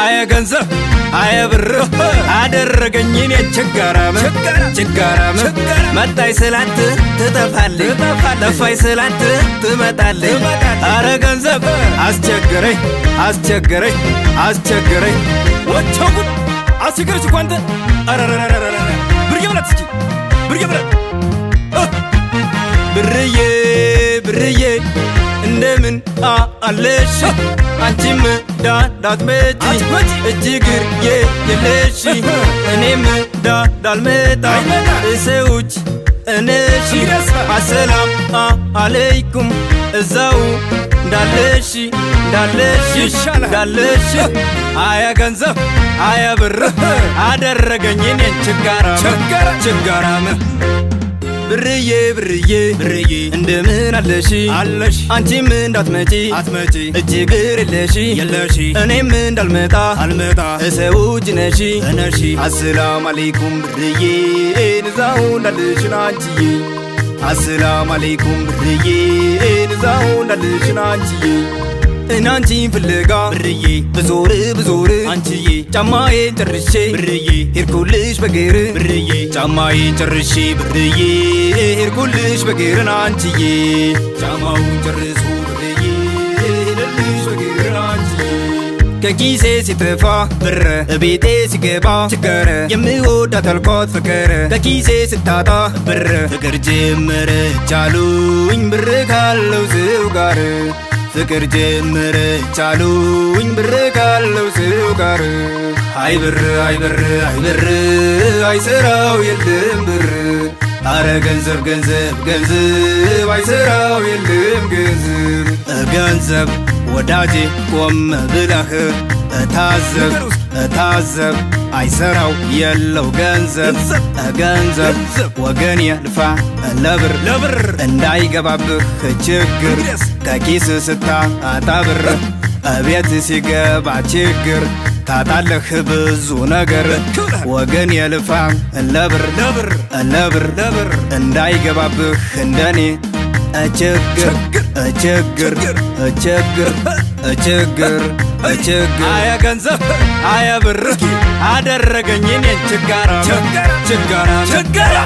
አየ ገንዘብ አየ ብር አደረገኝ እኔ ችጋራም ችጋራም መጣይ ስላት ትጠፋልኝ ጠፋይ ስላት ትመጣልኝ አረ ገንዘብ አስቸገረኝ አስቸገረኝ አስቸገረኝ ወቸጉድ አስቸገረች እኮ አንተ ብርዬ ብላት እስኪ ብርዬ ብላት ብርዬ እንደምን አለሽ አንቺም ዳዳት ቤቲ እጅግር የለሽ እኔም ዳዳልመጣ እሰውች እነሺ አሰላም አለይኩም እዛው ዳለሽ ዳለሽ ዳለሽ አያ ገንዘብ አያ ብር አደረገኝ እኔን ችጋራም ችጋራም ብርዬ ብርዬ ብርዬ እንደምን አለሽ አለሽ አንቺም እንዳትመጪ አትመጪ እጅግር የለሽ የለሽ እኔም እንዳልመጣ አልመጣ እሰው እጅ ነሽ እነሽ አሰላም አለይኩም ብርዬ እንዛው እንዳለሽን አንቺዬ አሰላም አለይኩም ብርዬ እንዛው እንዳለሽን አንቺዬ እና አንቺን ፍለጋ ብርዬ ብዞር ብዞር አንቺዬ ጫማዬን ጨርሼ ብርዬ ሄድኩልሽ በግር ብርዬ ጫማዬን ጨርሼ ብርዬ ሄድኩልሽ በግርን አንቺዬ ጫማውን ጨርሱ ብርዬ ሄደልሽ በግርን ከኪሴ ሲጠፋ ብረ እቤቴ ሲገባ ችገረ የምወዳት አልኳት ፍቅረ ከኪሴ ስታጣ ብር ፍቅር ጀመረ ቻሉኝ ብር ካለው ሰው ጋር ፍቅር ጀመረ ቻሉኝ ብር ካለው ሰው ጋር አይ ብር አይ ብር አይ ብር አይሰራው የለም ብር አረ ገንዘብ ገንዘብ ገንዘብ አይሰራው የለም ገንዘብ ገንዘብ ወዳጄ ቆም ብላህ ታዘብ እታዘብ አይሰራው የለው ገንዘብ ገንዘብ ወገን የልፋ ለብር ለብር እንዳይገባብህ ችግር ከኪስ ስታጣ ብር እቤት ሲገባ ችግር ታጣለህ ብዙ ነገር ወገን የልፋ ለብር ለብር ለብር ለብር እንዳይገባብህ እንደኔ ችግር ችግር ችግር ችግር ችግር አየ ገንዘብ አየ ብር አደረገኝ እኔን ችጋራ ችጋራ ችጋራ